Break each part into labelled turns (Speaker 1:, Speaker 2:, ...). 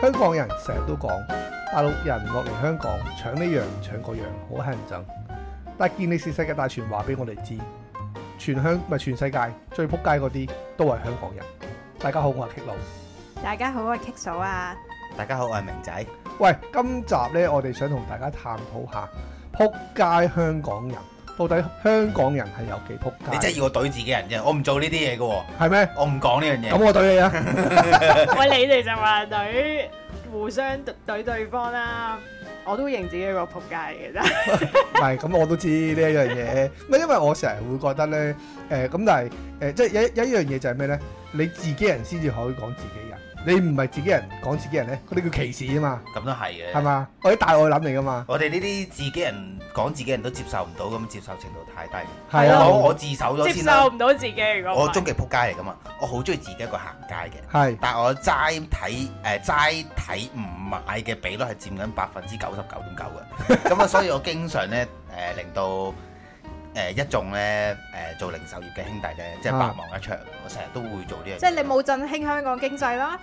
Speaker 1: 香港人成日都講大陸人落嚟香港搶呢樣搶嗰樣好乞人憎，但見你是世界大全話俾我哋知，全香咪全世界最撲街嗰啲都係香港人。大家好，我係 K 佬。
Speaker 2: 大家好，我係 K 嫂啊。
Speaker 1: 大家好，我係明仔。喂，今集呢，我哋想同大家探討下撲街香港人。到底香港人係有幾撲街？你真係要我
Speaker 3: 懟自己人啫，我唔做呢啲嘢嘅喎。係咩？我唔講呢樣嘢。咁我懟你啊！
Speaker 2: 喂，你哋就話懟互相懟對方啦，我都認自己係個撲街嚟嘅啫。
Speaker 1: 係，咁我都知呢一樣嘢。係因為我成日會覺得咧，誒咁，但係誒即係有一一樣嘢就係咩咧？你自己人先至可以講自己。你唔係自己人，講自己人咧，嗰啲叫歧視啊嘛。
Speaker 3: 咁都係嘅，係嘛？
Speaker 1: 我啲大愛諗嚟噶嘛。我哋
Speaker 3: 呢啲自己人講自己人都接受唔到，咁接受程度太低。係啊我，我自首咗先啦。接受唔
Speaker 2: 到自己，我我終極
Speaker 3: 仆街嚟噶嘛。我好中意自己一個行街嘅，係是。但係我齋睇誒齋睇唔買嘅比率係佔緊百分之九十九點九嘅，咁啊，所以我經常咧誒令到。誒、呃、一眾咧誒做零售業嘅兄弟咧，即係白忙一場，我成日都會做呢樣。即係你
Speaker 2: 冇振興香港經濟啦？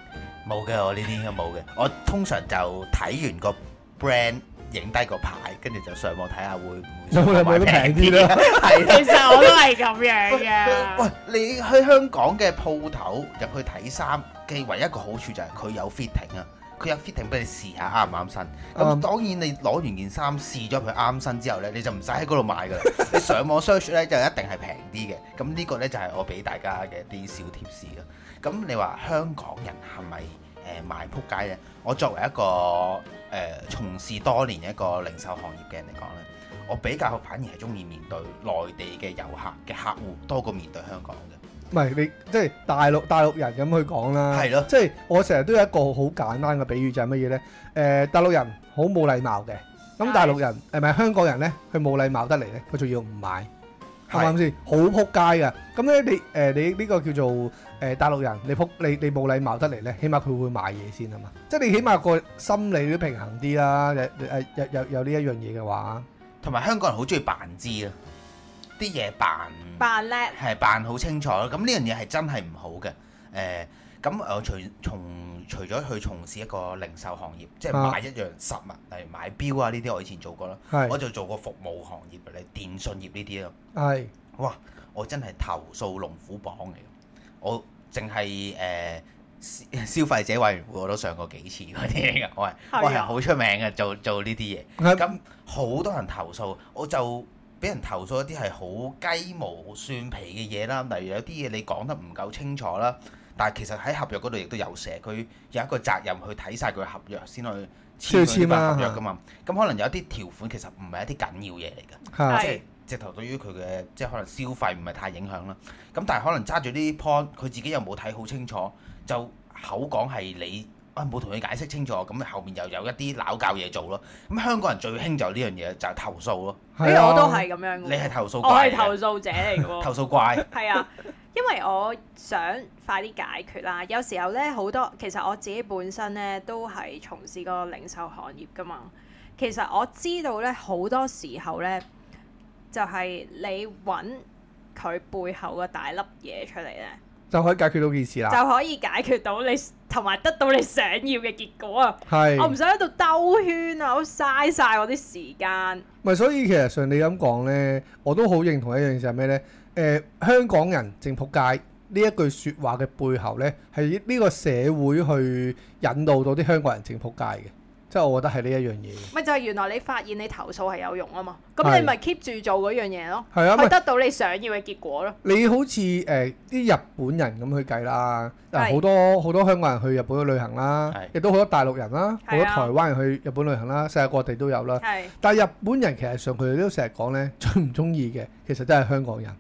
Speaker 3: 冇嘅我呢啲應該冇嘅，我通常就睇完個 brand，影低個牌，跟住就上網睇下會唔會買得平啲啦。係，其實我都係咁樣嘅、啊。 喂，你去香港嘅鋪頭入去睇衫，既唯一一個好處就係佢有 fitting 啊。佢有 fitting 俾你試下啱唔啱身，咁、um，當然你攞完件衫試咗佢啱身之後呢，你就唔使喺嗰度買噶啦。你上網 search 呢， 就一定係平啲嘅。咁呢個呢，就係、是、我俾大家嘅啲小貼士咯。咁你話香港人係咪誒賣仆街呢？我作為一個誒、呃、從事多年一個零售行業嘅人嚟講呢，我比較反而係中意面對內地嘅遊客嘅客戶多過面對香港嘅。
Speaker 1: 唔係你即係大陸大陸人咁去講啦，係囉，即係我成日都有一個好簡單嘅比喻就係乜嘢咧？誒、呃、大陸人好冇禮貌嘅。咁大陸人係咪香港人咧，佢冇禮貌得嚟咧，佢仲要唔買，係咪咁先？好仆街嘅。咁咧你誒你呢個叫做誒大陸人，你仆你你冇禮貌得嚟咧，起碼佢會，會買嘢先吖嘛？即係你起碼個心理都平衡啲啦，有有有呢一樣嘢
Speaker 3: 嘅話，同埋香港人好鍾意扮知啊。啲嘢扮
Speaker 2: 扮叻，
Speaker 3: 係扮好清楚。咁呢樣嘢係真係唔好嘅。誒咁誒，除從除咗去從事一個零售行業，即係買一樣實物、啊、例如買表啊呢啲，我以前做過啦。是我就做過服務行業，例如電信業呢啲咯。
Speaker 1: 係是，
Speaker 3: 哇！我真係投訴龍虎榜嚟，我淨係誒消消費者委員會，我都上過幾次嗰啲嘢㗎。我係、啊、我係好出名嘅，做做呢啲嘢，咁是好多人投訴，我就，俾人投訴一啲係好雞毛蒜皮嘅嘢啦，例如有啲嘢你講得唔夠清楚啦，但係其實喺合約嗰度亦都有寫，佢有一個責任去睇晒佢合約先去簽嗰啲份合約噶嘛。咁 可能有一啲條款其實唔係一啲緊要嘢嚟㗎，即係 直頭對於佢嘅即係可能消費唔係太影響啦。咁但係可能揸住呢啲 point，佢自己又冇睇好清楚，就口講係你。啊，冇同你解釋清楚，咁、嗯、後面又有一啲攋教嘢做咯。咁、嗯、香港人最興就呢樣嘢，就係、是、投訴咯。誒、啊哎，我都係
Speaker 2: 咁樣。你係投訴怪，我係投訴者嚟嘅喎。 投訴怪。係啊，因為我想快啲解決啦。有時候呢，好多其實我自己本身呢都係從事個零售行業噶嘛。其實我知道呢，好多時候呢，就係、是、你揾佢背後嘅大粒嘢出嚟呢。
Speaker 1: 就可以解決到件事啦。就
Speaker 2: 可以解決到你同埋得到你想要嘅結果啊！係是，我唔想喺度兜圈啊，我嘥晒我啲時間。
Speaker 1: 唔係，所以其實上你咁講咧，我都好認同一樣嘢，係咩咧？誒，香港人正仆街呢一句説話嘅背後咧，係呢個社會去引導到啲香港人正仆街嘅。即係我覺得係呢一樣嘢。
Speaker 2: 咪就係原來你發現你投訴係有用啊嘛，咁你咪 keep 住做嗰樣嘢咯，咪、啊、得到你想要嘅結果咯。
Speaker 1: 你好似誒啲、呃、日本人咁去計啦，好是多好多香港人去日本去旅行啦，是亦都好多大陸人啦，好、啊、多台灣人去日本旅行啦，世界各地都有啦。係、啊。但係日本人其實上佢哋都成日講咧，最唔中意嘅其實都係香港人。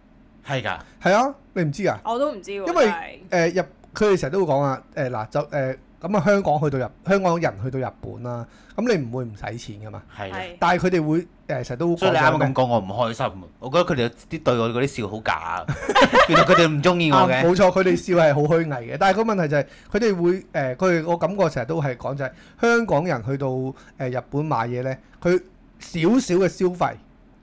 Speaker 1: 係㗎的。係啊，你唔知啊？
Speaker 2: 我都唔知。因為
Speaker 1: 誒入佢哋成日都會講啊，誒、呃、嗱、呃、就誒。呃咁啊、嗯，香港去到香港人去到日本啦、啊，咁、嗯、你唔會唔使錢㗎嘛？係的，但係佢哋會誒，成、呃、日都咁講，麼我唔
Speaker 3: 開心我覺得佢哋啲對我嗰啲笑好假， 原來佢哋唔中意我嘅、啊。冇錯，佢哋
Speaker 1: 笑係好虛偽嘅。 但係個問題就係佢哋會誒，佢、呃、我感覺成日都係講就係、是、香港人去到誒、呃、日本買嘢咧，佢少少嘅消費，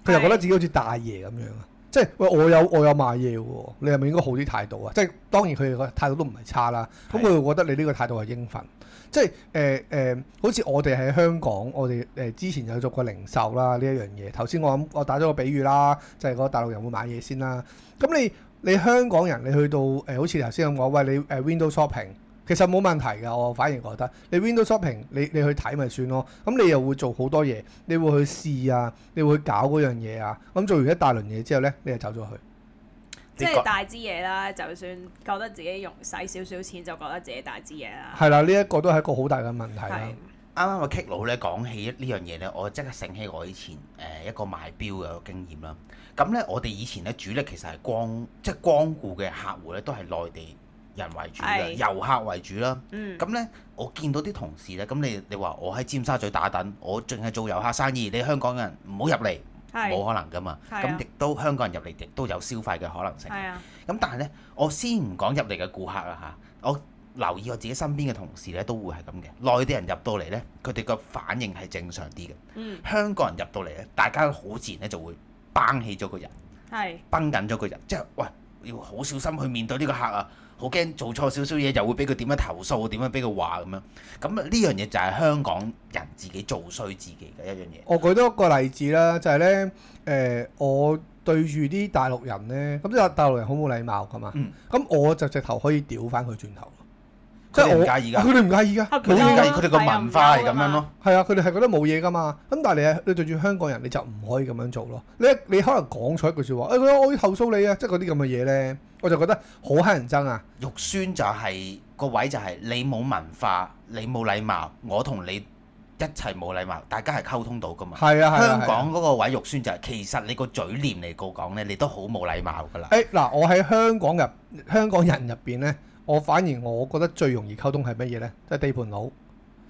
Speaker 1: 佢就覺得自己好似大爺咁樣啊。即係喂，我有我有買嘢喎，你係咪應該好啲態度啊？即係當然佢哋的個態度都唔係差啦，咁佢會覺得你呢個態度係應份。即係誒誒，好似我哋喺香港，我哋誒、呃、之前有做過零售啦呢一樣嘢。頭先我諗我打咗個比喻啦，就係、是、嗰大陸人會買嘢先啦。咁你你香港人你去到誒、呃，好似頭先咁講，喂，你誒、uh, window shopping。其實冇問題嘅，我反而覺得你 window shopping 你你去睇咪算咯。咁你又會做好多嘢，你會去試啊，你會去搞嗰樣嘢啊。咁做完一大輪嘢之後呢，你就走咗去，
Speaker 3: 即係
Speaker 2: 大支嘢啦。就算覺得自己用使少少錢，就覺得自己大支嘢啦。
Speaker 1: 係啦，呢一個都係一個好大嘅問題。
Speaker 3: 啱啱我棘佬呢講起呢樣嘢呢，我即刻醒起我以前誒、呃、一個賣表嘅經驗啦。咁呢，我哋以前呢主力其實係光即係光顧嘅客戶呢，都係內地。人為主嘅是的 遊客為主啦。咁、嗯、呢，我見到啲同事呢，咁你你話我喺尖沙咀打等，我淨係做遊客生意，你香港人唔好入嚟，冇是的 可能㗎嘛。咁是的 亦都香港人入嚟，亦都有消費嘅可能性。咁是的 但係呢，我先唔講入嚟嘅顧客啊，吓我留意我自己身邊嘅同事呢，都會係咁嘅內地人入到嚟呢，佢哋個反應係正常啲嘅。嗯、香港人入到嚟呢，大家都好自然呢就會崩起咗個人，係是的 崩緊咗個人，即係喂要好小心去面對呢個客啊。嗯嗯我驚做錯少少嘢，就會俾佢點樣投訴，點樣俾佢話咁樣。咁呢樣嘢就係香港人自己做衰自己嘅一樣嘢。
Speaker 1: 我舉多個例子啦，就係呢，誒，我對住啲大陸人呢，咁即係大陸人好冇禮貌噶嘛，咁，嗯，我就直頭可以屌翻佢轉頭。
Speaker 3: 即係我，佢哋唔介意噶，介意，介意？佢哋個文化係咁樣咯。
Speaker 1: 係啊，佢哋係覺得冇嘢噶嘛。咁但係你，你對住香港
Speaker 3: 人，你就唔可以咁樣做咯。
Speaker 1: 你你可能講錯一句説話，誒、哎，我我要投訴你啊！即係嗰啲咁嘅嘢咧，我就覺得好乞人憎啊。
Speaker 3: 肉酸就係、是、個位就係你冇文化，你冇禮貌，我同你一齊冇禮貌，大家係溝通到噶嘛。係啊，係、啊啊啊、香港嗰個位肉酸就係、是、其實你個嘴臉嚟告講咧，你都好冇禮貌噶啦。誒
Speaker 1: 嗱、哎，我喺香港入香港人入邊咧。我反而我覺得最容易溝通係乜嘢呢？即係地盤佬，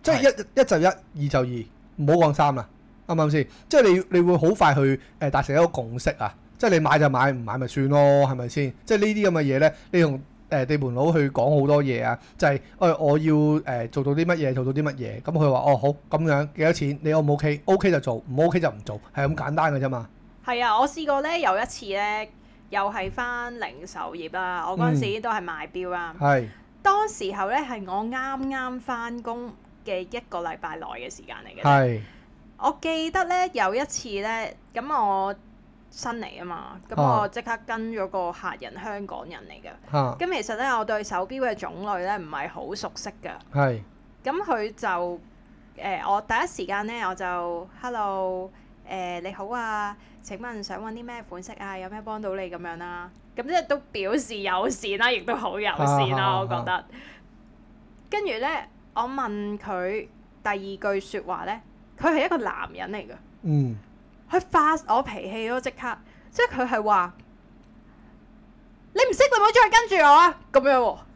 Speaker 1: 即係一是一，一就一，二就二，唔好講三啦，啱唔啱先？即係你你會好快去誒達成一個共識啊！即係你買就買，唔買咪算咯，係咪先？即係呢啲咁嘅嘢呢，你用誒地盤佬去講好多嘢啊！就係誒我要誒做到啲乜嘢，做到啲乜嘢，咁佢話，哦，好，咁樣幾多錢，你 O 唔 O K？O K 就做，唔 O K 就唔做，係咁簡單嘅啫嘛。
Speaker 2: 係啊，我試過呢，有一次呢。」又係翻零售業啦，我嗰陣時都係賣表啦、啊。係、嗯，當時候呢，係我啱啱返工嘅一個禮拜內嘅時間嚟嘅。是我記得呢有一次呢，咁我新嚟啊嘛，咁我即刻跟咗個客人，啊、香港人嚟嘅。嚇、啊，咁其實呢，我對手錶嘅種類呢唔係好熟悉㗎。係是，咁佢就誒、呃、我第一時間呢，我就 Hello、呃、你好啊。請問想揾啲咩款式啊？有咩幫到你咁、啊、樣啦？咁即係都表示友善啦、啊，亦都好友善啦、啊，啊啊、我覺得。跟住呢，我問佢第二句說話呢，佢係一個男人嚟嘅。嗯。佢發我脾氣咯、啊，即刻。即係佢係話：你唔識，你唔好再跟住我啊！咁樣、啊。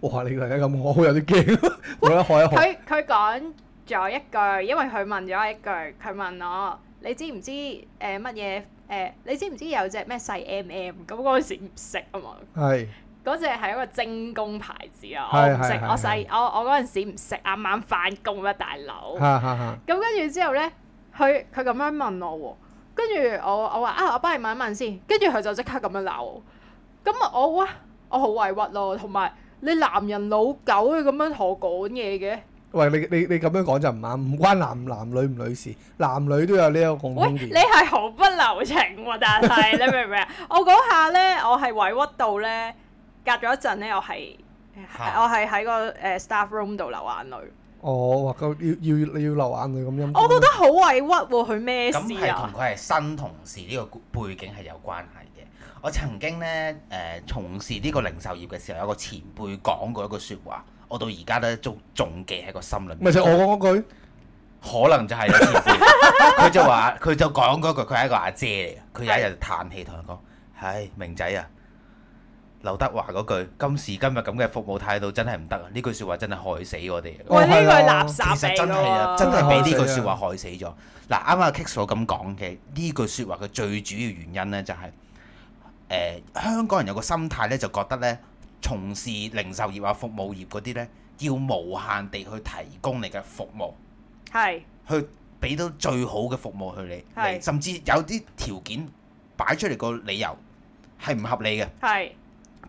Speaker 1: 哇！你突然間咁，我好有啲驚。
Speaker 3: 佢
Speaker 2: 佢講咗一句，因為佢問咗一句，佢問我。你知唔知誒乜嘢？誒、呃呃、你知唔知有隻咩細 MM？咁嗰陣時唔識啊嘛。係是。嗰隻係一個精工牌子啊，我唔識。我細我我嗰陣時唔識，啱啱翻工咩大佬！係咁，跟住之後咧，佢佢咁樣問我喎，跟住我我話啊，我幫你問一問先。跟住佢就即刻咁樣鬧我。咁啊，我我好委屈咯。同埋你男人老狗咁樣同我講嘢嘅。
Speaker 1: 喂，你你你咁樣講就唔啱，唔關男男女唔女士，男，女，女，事男女都有呢一個共
Speaker 2: 通點。喂，你係毫不留情喎、啊，但係 你明唔明啊？我嗰下呢，我係委屈到呢，隔咗一陣呢，又係，哈我係喺個誒 staff room 度流眼淚。
Speaker 1: 哦，咁要要你要流眼淚咁樣。我覺得
Speaker 2: 好委屈喎、啊，佢咩事
Speaker 3: 啊？咁係同佢係新同事呢個背景係有關係嘅。我曾經呢，誒、呃、從事呢個零售業嘅時候，有個前輩講過一句説話。我到而家咧，仲仲記喺個心裏面。咪就是、我講句，可能就係佢 就話，佢就講嗰句，佢係一個阿姐嚟嘅。佢有一日嘆氣同人講：，唉的、哎，明仔啊，劉德華嗰句今時今日咁嘅服務態度真係唔得啊！呢句説話真係害死我哋、啊。喂、哦，呢個係垃圾，真係啊，真係俾呢句説話害死咗。嗱，啱啱 Kiko 咁講嘅呢句説話嘅最主要原因咧、就是，就係誒香港人有個心態咧，就覺得咧。從事零售業啊、服務業嗰啲呢，要無限地去提供你嘅服務，係是去俾到最好嘅服務去你，是甚至有啲條件擺出嚟個理由係唔合理嘅，
Speaker 2: 係是。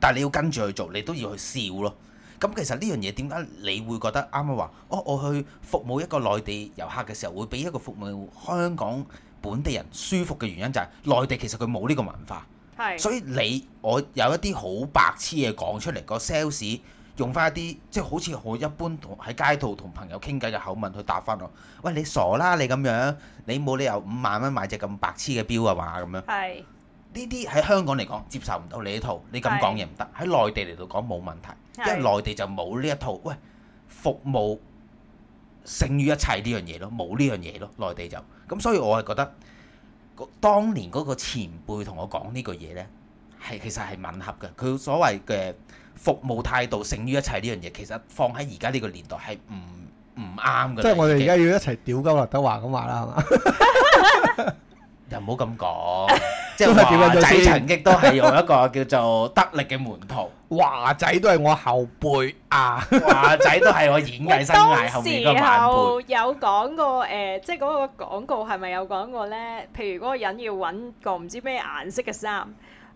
Speaker 3: 但係你要跟住去做，你都要去笑咯。咁其實呢樣嘢點解你會覺得啱啱話，哦，我去服務一個內地遊客嘅時候，會俾一個服務香港本地人舒服嘅原因就係、是、內地其實佢冇呢個文化。係，所以你我有一啲、那個、好白痴嘅講出嚟，個 sales 用翻一啲即係好似我一般同喺街度同朋友傾偈嘅口吻去答翻我，喂，你傻啦你咁樣，你冇理由五萬蚊買隻咁白痴嘅表啊嘛咁樣。
Speaker 2: 係，呢啲喺香
Speaker 3: 港嚟講接受唔到你呢套，你咁講嘢唔得。喺內地嚟到講冇問題，係，因為內地就冇呢一套，喂，服務勝於一切呢樣嘢咯，冇呢樣嘢咯，內地就咁，所以我係覺得。當年嗰個前輩同我講呢個嘢呢，係其實係吻合嘅。佢所謂嘅服務態度勝於一切呢樣嘢，其實放喺而家呢個年代係唔唔啱嘅。即係我哋
Speaker 1: 而家要一齊屌鳩劉德華咁話啦，係嘛？
Speaker 3: 又唔好咁講，即係華仔陳毅都係用一個叫做得力嘅門徒。華仔都係我後輩啊！華仔嘩嘩都係我演藝生涯後， 當時後
Speaker 2: 有講過誒、呃，即係嗰個廣告係咪有講過咧？譬如嗰個人要揾個唔知咩顏色嘅衫。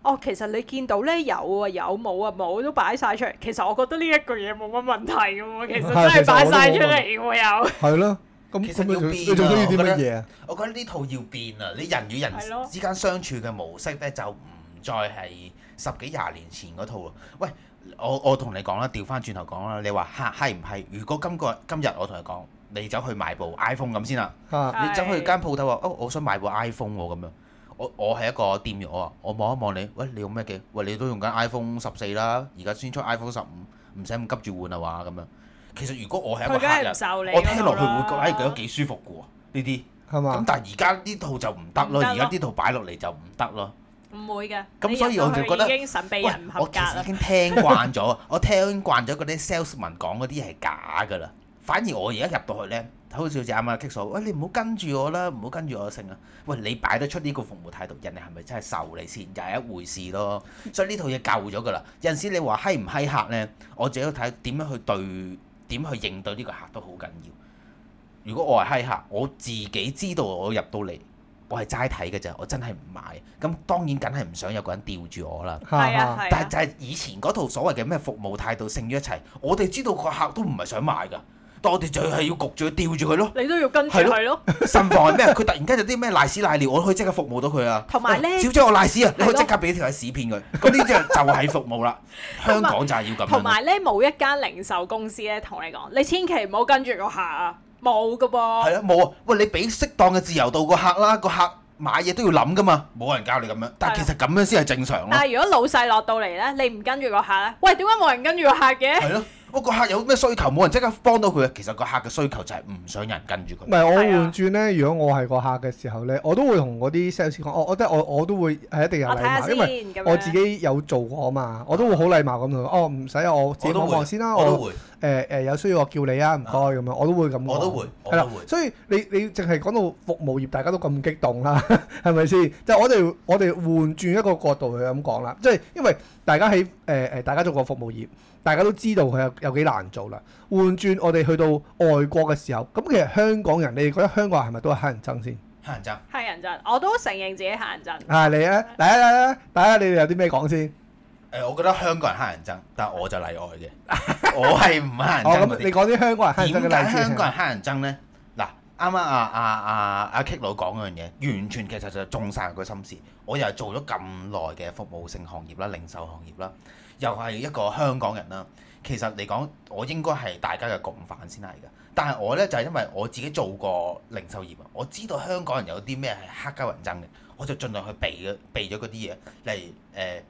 Speaker 2: 哦，其實你見到咧有啊有，有啊，冇啊冇，都擺晒出嚟。其實我覺得呢一句嘢冇乜問題嘅喎，其實真係
Speaker 3: 擺晒出嚟嘅喎又。
Speaker 1: 係咯。其實要變啊！ 我覺得，
Speaker 2: 我覺得呢
Speaker 3: 套要變啊！你人與人之間相處嘅模式呢，就唔再係十幾廿年前嗰套啊。喂，我我同你講啦，調翻轉頭講啦，你話係係唔係？如果今個今日我同你講，你走去買部 iPhone 咁先啦。 你走去間鋪頭話，哦，我想買部 iPhone 喎，咁樣。我我係一個店員，我話，我望一望你，喂，你用咩嘅？喂，你都用緊 iPhone 十四啦，而家先出 iPhone 十五，唔使咁急住換啊話咁樣。其實如果我係一個客人，受我聽落去會覺得哎幾舒服嘅喎呢啲，係嘛？咁吧但係而家呢套就唔得咯，而家呢套擺落嚟就唔得咯，
Speaker 2: 唔會嘅。咁所以我就覺得去去神秘人，我其實已經聽慣
Speaker 3: 咗， 我聽慣咗嗰啲 salesman 講嗰啲係假㗎啦。反而我而家入到去咧，睇好似姐啱啊，棘、哎、手。 喂，你唔好跟住我啦，唔好跟住我成啊。喂，你擺得出呢個服務態度，人哋係咪真係受你先，就係、是、一回事咯。所以呢套嘢舊咗㗎啦。 有陣時你話嗨唔嗨客咧，我自己睇點樣去對。點去應對呢個客都好緊要。如果我係閪客，我自己知道我入到嚟，我係齋睇嘅啫，我真係唔買。咁當然梗係唔想有個人吊住我啦。係啊、係啊、但係就係以前嗰套所謂嘅咩服務態度勝於一切，我哋知道個客都唔係想買㗎。多啲就係要焗住佢吊住佢咯，你
Speaker 2: 都要跟住佢，係咯？
Speaker 3: 甚況係咩？佢突然間有啲咩瀨屎瀨尿，我可以即刻服務到佢啊！同埋咧，小姐我瀨屎啊，咯你可以即刻俾條喺屎片佢，咁呢啲就就係服務啦。香港就係要咁。同埋
Speaker 2: 咧，冇一間零售公司咧，同你講，你千祈唔好跟住個客啊！冇㗎噃。係啊，
Speaker 3: 冇啊！喂，你俾適當嘅自由度個客啦、啊，個客買嘢都要諗噶嘛，冇人教你咁樣，但其實咁樣先係正常、啊、但
Speaker 2: 係如果老細落到嚟咧，你唔跟住個客咧，喂，點解冇人跟住個客嘅、啊？係咯、啊。
Speaker 3: 我個、哦、客有咩需求，冇人即刻幫到佢嘅。其實個客嘅需求就係唔想有人跟住佢。
Speaker 1: 唔係我換轉咧，如果我係個客嘅時候咧，我都會同嗰啲 sales 講。我我覺得我我都會係一定有禮貌，因為我自己有做過啊嘛，啊我都會好禮貌咁同哦，唔使我自己我望先啦，我，都會我。我都會誒誒有需要我叫你啊，唔該咁樣，我都會咁講。我都會，係啦，所以你你淨係講到服務業，大家都咁激動啦，係咪先？就我哋我哋換轉一個角度去咁講啦，即係因為大家喺誒誒，大家做過服務業，大家都知道佢有有幾難做啦。換轉我哋去到外國嘅時候，咁其實香港人，你覺得香港人係咪都係黑人憎先？
Speaker 2: 黑人憎，黑
Speaker 1: 人憎，我都承認自己黑人憎。係你咧，大家大家大家，你哋有啲咩講先？
Speaker 3: 誒，我覺得香港人黑人憎，但係我就例外嘅。 我係唔黑人憎、 哦、你
Speaker 1: 講啲香港人黑人憎嘅例子。點解香港人黑人
Speaker 3: 憎呢？嗱， 啱啱阿阿阿阿 K 佬講嗰樣嘢，完全其實就中晒佢心思。我又係做咗咁耐嘅服務性行業啦、零售行業啦，又係一個香港人啦。其實你講，我應該係大家嘅共犯先係㗎。但係我呢，就係、是、因為我自己做過零售業啊，我知道香港人有啲咩係黑家人憎嘅，我就盡量去避嘅，避咗嗰啲嘢，例如、呃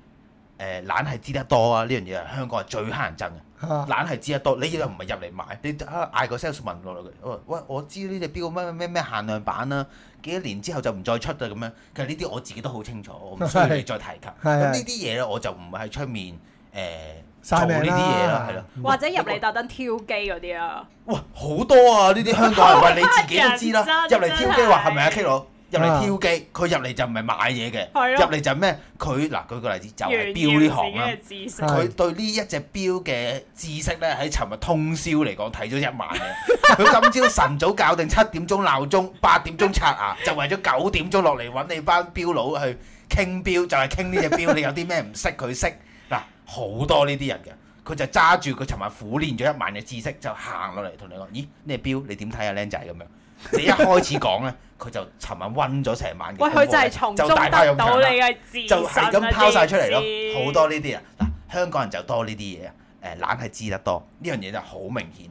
Speaker 3: 誒、欸、懶係知得多啊！呢樣嘢啊，香港係最乞人憎嘅。懶係知得多，你又唔係入嚟買，你嗌個 salesman 落嚟，我話喂，我知呢隻表咩咩咩限量版啦，幾多年之後就唔再出啦咁樣。其實呢啲我自己都好清楚，我唔需要你再提及。咁呢啲嘢咧，嗯、我就唔喺出面誒、呃、做呢啲嘢啦，係咯。或者
Speaker 2: 入嚟特登挑機嗰啲啊？
Speaker 3: 哇，好多啊！呢啲香港人喎 你自己都知啦、啊，入嚟生挑機話係咪啊？K 入嚟挑機，佢入嚟就唔係買嘢嘅，入嚟的就咩？佢嗱，舉個例子就係標呢行啦。佢對呢一隻標嘅知識呢，喺尋日通宵嚟講睇咗一晚嘅。佢今朝晨早搞定七點鐘鬧鐘，八點鐘刷牙， 就為咗九點鐘落嚟揾你班標佬去傾標，就係傾呢隻標。你有啲咩唔識佢識？嗱好 多呢啲人嘅，佢就揸住佢尋日苦練咗一晚嘅知識，就行落嚟同你講：咦，咩標、啊？你點睇啊，僆仔咁樣？ 你一開始講咧，佢就尋晚溫咗成晚嘅。喂，佢真係從中得到你嘅字、啊，就係咁拋晒出嚟咯。自信 好多呢啲啊，嗱，香港人就多呢啲嘢啊。誒、欸，懶係知得多，呢樣嘢就好明顯。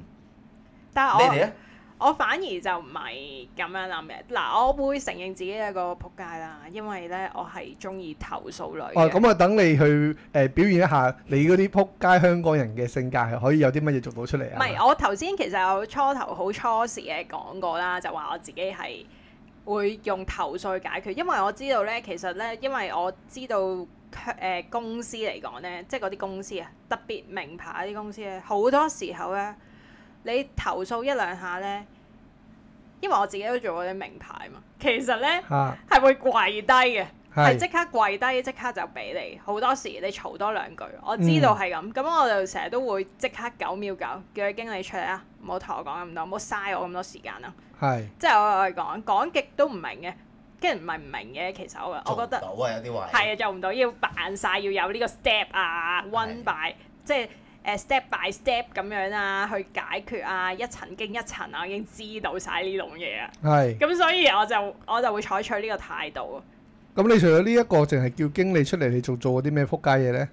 Speaker 2: 但我你哋咧？我反而就唔係咁樣諗嘅，嗱，我會承認自己係個仆街啦，因為咧我係中意投訴類哦，
Speaker 1: 咁啊，等你去誒、呃、表現一下你嗰啲仆街香港人嘅性格，係可以有啲乜嘢做到出嚟啊？唔係，
Speaker 2: 我頭先其實有初頭好初時嘅講過啦，就話我自己係會用投訴去解決，因為我知道咧，其實咧，因為我知道誒、呃、公司嚟講咧，即係嗰啲公司啊，特別名牌啲公司咧，好多時候咧。你投訴一兩下呢，因為我自己都做過啲名牌嘛，其實呢，係、啊、會跪低嘅，係即刻跪低，即刻就俾你。好多時你嘈多兩句，我知道係咁，咁、嗯、我就成日都會即刻九秒九叫佢經理出嚟啊！唔好同我講咁多，唔好嘥我咁多時間啊！係是，即係我係講講極都唔明嘅，跟住唔係唔明嘅。其實我我覺得係啊做唔到，要扮晒，要有呢個 step 啊，one by 的即係。誒、uh, step by step 咁樣啊，去解決啊，一層經一層啊，我已經知道晒呢種嘢啊。係是。咁所以我就我就會採取呢個態度。
Speaker 1: 咁你除咗呢一個，淨係叫經理出嚟，你仲做過啲咩撲街嘢呢？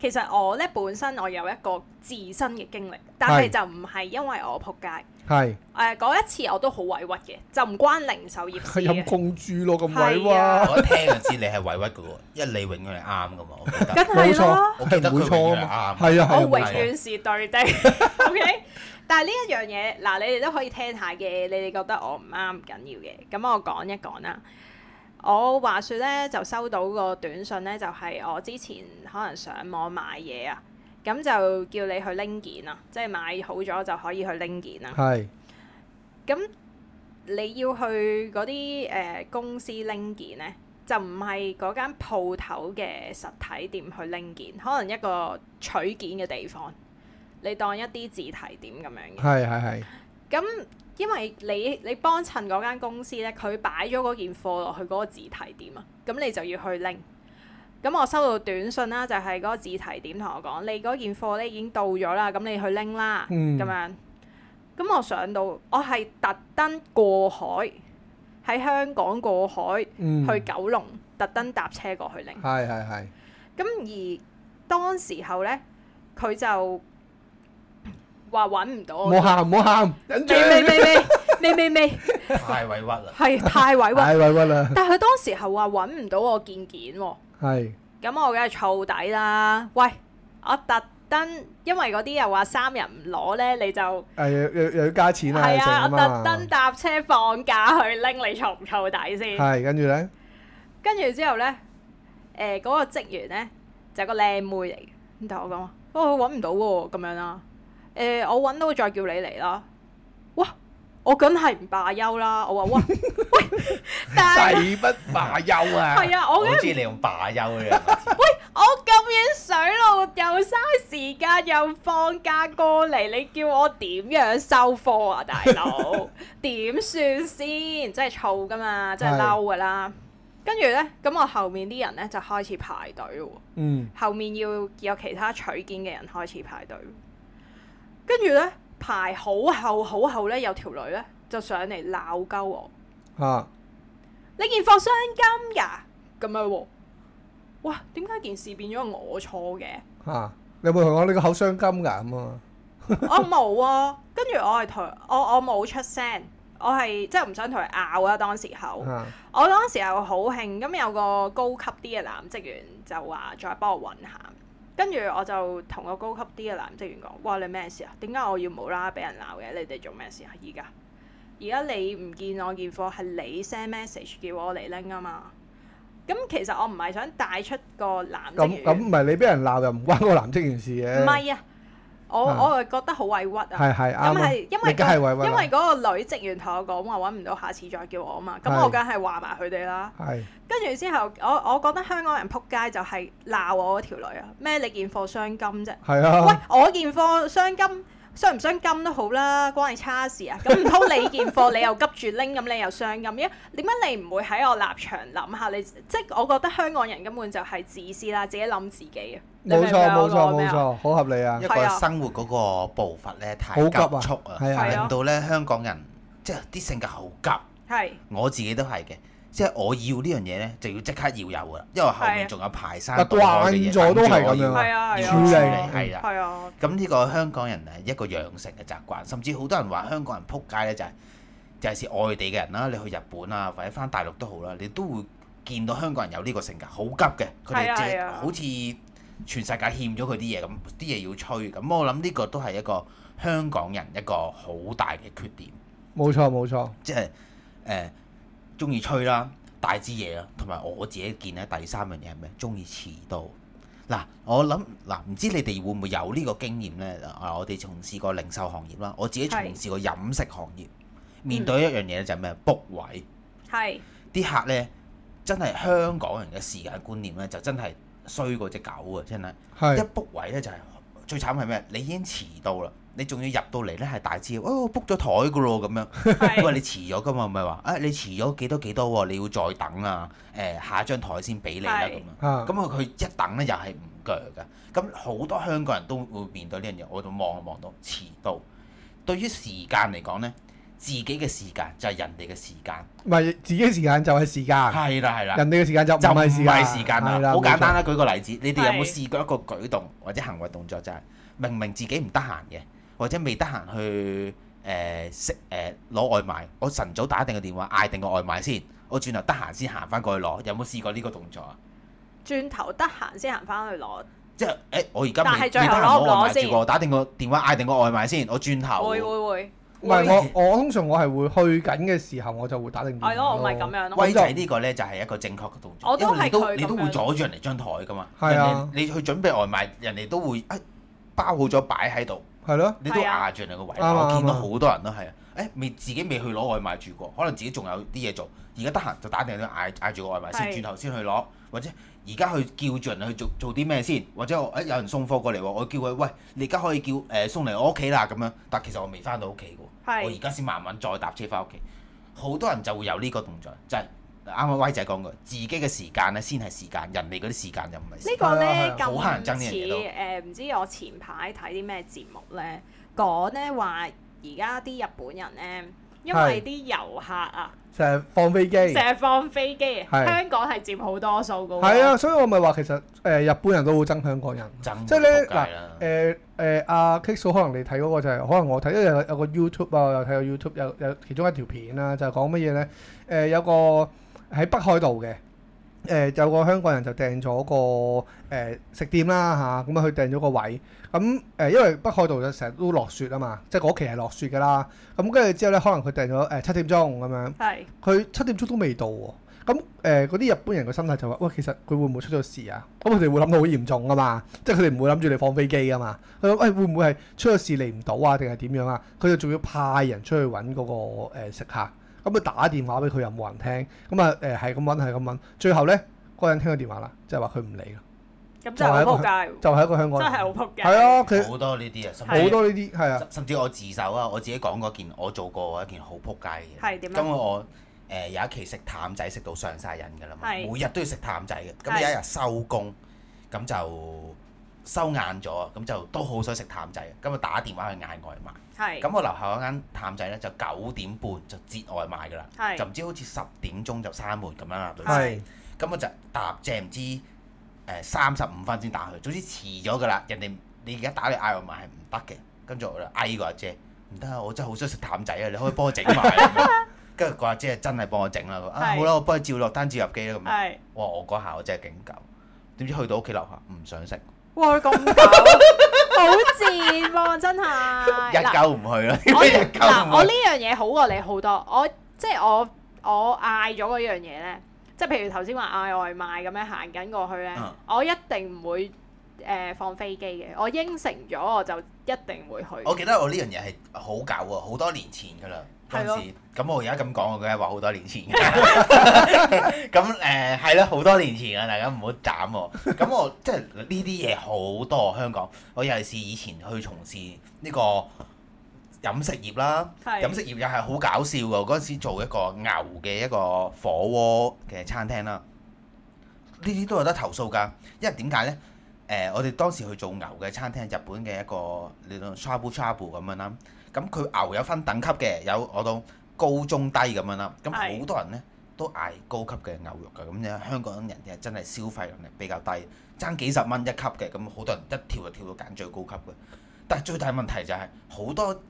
Speaker 2: 其實我咧本身我有一個自身嘅經歷，但係就唔係因為我仆街。係是。誒、呃，嗰一次我都好委屈嘅，就唔關零售業事嘅。陰
Speaker 1: 公豬咯，咁
Speaker 2: 委屈！啊、 我一聽就
Speaker 3: 知你係委屈嘅喎。因為 你永遠係啱嘅嘛，我記得。冇錯，錯我記得佢永
Speaker 2: 遠係啱。係錯啊，啊我永遠是對的。 OK，但係呢一樣嘢，嗱，你哋都可以聽下嘅，你哋覺得我唔啱唔緊要嘅，咁我講一講啦。我話說咧，就收到個短信咧，就係、是、我之前可能上網買嘢啊，咁就叫你去拎件啊，即係買好咗就可以去拎件啦、啊。係是。咁你要去嗰啲誒公司拎件咧，就唔係嗰間鋪頭嘅實體店去拎件，可能一個取件嘅地方，你當一啲自提點咁樣嘅。係係係。咁。因為你你幫襯嗰間公司咧，佢擺咗嗰件貨落去嗰個自提點啊，咁你就要去拎。咁我收到短信啦，就係、是、嗰個自提點同我講，你嗰件貨咧已經到咗啦，咁你去拎啦。嗯。咁樣。咁我上到，我係特登過海，喺香港過海、嗯、去九龍，特登搭車過去拎。係係係。咁而當時候咧，佢就。話搵唔到，唔好喊，唔好喊，未未未未未未未，太委屈啦，係太委屈，太委屈啦。但係佢當時候話搵唔到我件件喎，係，咁我梗係躁底啦。喂，我特登，因為嗰啲又話三日唔攞咧，你就，
Speaker 1: 又又又要加錢啊，係啊，我特登
Speaker 2: 搭車放假去拎，你躁唔躁底先？係，跟住咧，跟住之後咧，誒，嗰個職員咧就個靚妹嚟，咁同我講，哦，佢搵唔到喎，咁樣啦。誒、呃，我搵到再叫你嚟啦。哇，我梗係唔罷休啦！我話哇， 喂，
Speaker 3: 誓不罷休啊！係 啊，我好似你用罷休啊！
Speaker 2: 喂，我咁遠水路，又嘥時間，又放假過嚟，你叫我點樣收貨啊，大佬？點 算先？真係燥噶嘛，真係嬲噶啦！跟住咧，咁我後面啲人咧就開始排隊咯。嗯，後面要有其他取件嘅人開始排隊。跟住呢，排好厚好厚呢，有條女呢，就上嚟鬧鳩我。啊你！你件貨傷金噶咁樣喎、啊？哇！點解件事變咗我錯嘅？
Speaker 1: 啊！你有冇同我呢個口傷金噶咁啊？
Speaker 2: 我冇啊！跟住我係同我我冇出聲，我係真係唔想同佢拗啊。當時候、啊、我當時候好興，咁有個高級啲嘅男職員就話再幫我揾下。跟住我就同個高級啲嘅男職員講：，哇，你咩事啊？點解我要冇啦？俾人鬧嘅？你哋做咩事啊？而家，而家你唔見我件貨係你 send message 叫我嚟拎啊嘛？咁其實我唔係想帶出個男職員。咁咁
Speaker 1: 唔係你俾人鬧又唔關個男職員事嘅。唔係
Speaker 2: 啊！我我係覺得好委屈啊！咁係是因為、啊、因為嗰、啊、個女職員同我講話揾唔到，下次再叫我啊嘛。咁我梗係話埋佢哋啦。是跟住之後，我我覺得香港人仆街就係鬧我嗰條女啊！咩你件貨傷金啫？
Speaker 1: 喂，
Speaker 2: 我件貨傷金。傷唔傷金都好啦，關你叉事啊！咁唔通你件貨你又急住拎，咁你又傷金？點解你唔會喺我立場諗下？你即係我覺得香港人根本就係自私啦，自己諗自己啊！冇錯
Speaker 3: 冇錯冇錯，好合理啊！一個生活嗰個步伐咧太急促啊，令到咧香港人即係啲性格好急。係的，我自己都係嘅。即係我要呢樣嘢呢，就要即刻要有啦，因為後面仲有排山倒海嘅嘢要樣、啊啊、處理。你！係啊，咁呢個香港人係一個養成嘅習慣，甚至好多人話香港人仆街呢、就係，就係就係似外地嘅人啦。你去日本啊，或者返大陸都好啦，你都會見到香港人有呢個性格，急好急嘅。佢哋好似全世界欠咗佢啲嘢咁，啲嘢要吹。咁我諗呢個都係一個香港人一個好大嘅缺點。
Speaker 1: 冇錯，冇錯、
Speaker 3: 就係，即係誒。中意吹啦，大支嘢啦，同埋我自己見咧，第三樣嘢係咩？中意遲到。嗱、啊，我諗嗱，唔、啊、知你哋會唔會有呢個經驗呢？啊，我哋從事過零售行業啦，我自己從事過飲食行業，是面對一樣嘢咧就係咩 book 位，係啲是客呢，真係香港人嘅時間觀念呢，就真係衰過隻狗啊！真係是一 book 位咧就係、是、最慘係咩？你已經遲到啦。你仲要入到嚟呢係大招，哦，book 咗台噶咯咁樣，因為 你遲咗噶嘛，咪話啊，你遲咗幾多幾多喎，你要再等啊，誒、哎、下一張台先俾你啦咁 樣，咁啊佢一等呢又係唔鋸噶。咁好多香港人都會面對呢樣嘢，我仲望一望到遲到。對於時間嚟講呢，自己嘅時間就係人哋嘅時間，
Speaker 1: 唔係自己嘅時間就係時間，係啦係啦，人哋嘅時間就就唔係時間啦，好簡單
Speaker 3: 啦，舉個例子，你哋有冇試過一個舉動 或者行為動作，就係明明自己唔得閒嘅？或者未得閒去誒食誒攞外賣，我晨早打定個電話嗌定個外賣先，我轉頭得閒先行翻過去攞。有冇試過呢個動作啊？
Speaker 2: 轉頭得閒先行翻去攞，
Speaker 3: 即係誒我而家未得閒攞外賣先，打定個電話嗌定個外賣先，我轉頭。會會會。唔係我我通常我係會去緊嘅時候我就會打定電話。係咯，我咪咁樣咯。威仔呢個呢就係一個正確嘅動作，因為你都你都會阻住人哋張台噶嘛。係啊，你去準備外賣，人哋都會誒包好咗擺喺度。係咯，你都壓住人個位，啊、我見到好多人都係啊，誒未、哎、自己未去攞外賣住過，可能自己仲有啲嘢做，而家得閒就打電話嗌嗌住個外賣先，轉頭先去攞，或者而家去叫住人去做做啲咩先，或者誒、哎、有人送貨過嚟喎，我叫佢喂你而家可以叫誒、呃、送嚟我屋企啦咁樣，但其實我未翻到屋企嘅喎，是我而家先慢慢再搭車翻屋企，好多人就會有呢個動作，就係。啱啱歪仔講過，自己嘅時間咧先係時間，人哋嗰啲時間又唔係。 這個、呢個咧咁乞人憎似
Speaker 2: 誒，唔、呃、知我前排睇啲咩節目咧，講咧話而家啲日本人咧，因為啲遊客啊，
Speaker 1: 成日放飛機，成日
Speaker 2: 放飛機，的香港係佔好多數嘅喎。係啊，所
Speaker 1: 以我咪話其實誒、呃，日本人都好憎香港人，憎即係咧嗱誒誒，阿 Kiko、呃呃啊、可能你睇嗰個就係、是，可能我睇因為有，有個 YouTube 啊，又睇個 YouTube，有有其中一條片啊，就係、是、講乜嘢咧？誒、呃、有個。有喺北海道嘅，誒、呃、有個香港人就訂咗個誒、呃、食店啦嚇，咁啊佢訂咗個位，咁、嗯、誒、啊、因為北海道就成日都落雪啊嘛，即係嗰期係落雪噶啦，咁跟住之後咧，可能佢訂咗誒七點鐘咁樣，係，佢七點鐘都未到喎、哦，咁誒嗰啲日本人個心態就話：喂，其實佢會唔會出咗事啊？咁佢哋會諗到好嚴重㗎嘛，即係佢哋唔會諗住你放飛機啊嘛，佢諗：喂，會唔會係出咗事嚟唔到啊？定係點樣啊？佢哋仲要派人出去揾嗰、那個、呃、食客。咁佢、嗯、打電話俾佢又冇人聽，咁啊誒係咁揾係咁揾，最後咧嗰個人聽到電話啦，即係話佢唔理啦。
Speaker 2: 咁真係好撲街，
Speaker 1: 就係一個香港
Speaker 3: 人，真係好撲街。係啊，佢好多呢啲是啊，好多呢啲係啊。甚至我自首啊，我自己講嗰件我做過一件好撲街嘅嘢。點咧、啊？我誒、呃、有一期食譚仔食到傷晒人㗎啦嘛，是每日都要食譚仔嘅。咁有一日收工咁就。收晏咗，咁就都好想食譚仔，咁啊打電話去嗌外賣。係
Speaker 2: 是。咁我樓
Speaker 3: 下嗰間譚仔咧，就九點半就接外賣㗎啦。是就唔知好似十點鐘就閂門咁樣啦，到時。係是。咁我就搭，即係唔知誒三十五分先打去，總之遲咗㗎啦。人哋你而家打你嗌外賣係唔得嘅。跟住我就嗌呢個阿姐，唔得啊！我真係好想食譚仔啊！你可以幫我整埋。跟住個阿姐真係幫我整啦。啊好啦，我幫你照落單、照入機啦咁。是哇！我嗰下我真係勁狗，點知去到屋企樓下唔想食。
Speaker 2: 哇！咁搞、啊， 好賤喎、啊！真係日久唔
Speaker 3: 去咯。嗱
Speaker 2: 啦，我呢樣嘢好過你好多。我即係我我嗌咗嗰樣嘢呢，即係譬如頭先話嗌外賣咁樣行緊過去呢，嗯、我一定唔會誒、呃、放飛機嘅。我應承咗我就一定會去。我記得我呢樣嘢係
Speaker 3: 好舊啊，好多年前噶啦。當時咁我而家咁講，我梗係話好多年前嘅。咁誒係啦，好多年前嘅，大家唔好斬喎。咁我即係呢啲嘢好多香港。我尤其是以前去從事呢個飲食業啦，飲食業又係好搞笑㗎。嗰陣時做一個牛嘅一個火鍋嘅餐廳啦，呢啲都有得投訴㗎。因為點解呢？誒，我哋當時去做牛嘅餐廳，日本嘅一個你個 Shabu Shabu 咁樣啦。咁佢牛有分等級嘅，有我到高中低咁樣啦。咁好多人咧都嗌高級嘅牛肉噶，咁樣香港人嘅真係消費能力比較低，爭幾十蚊一級嘅，咁好多人一跳就跳到揀最高級嘅。但係最大問題就係好多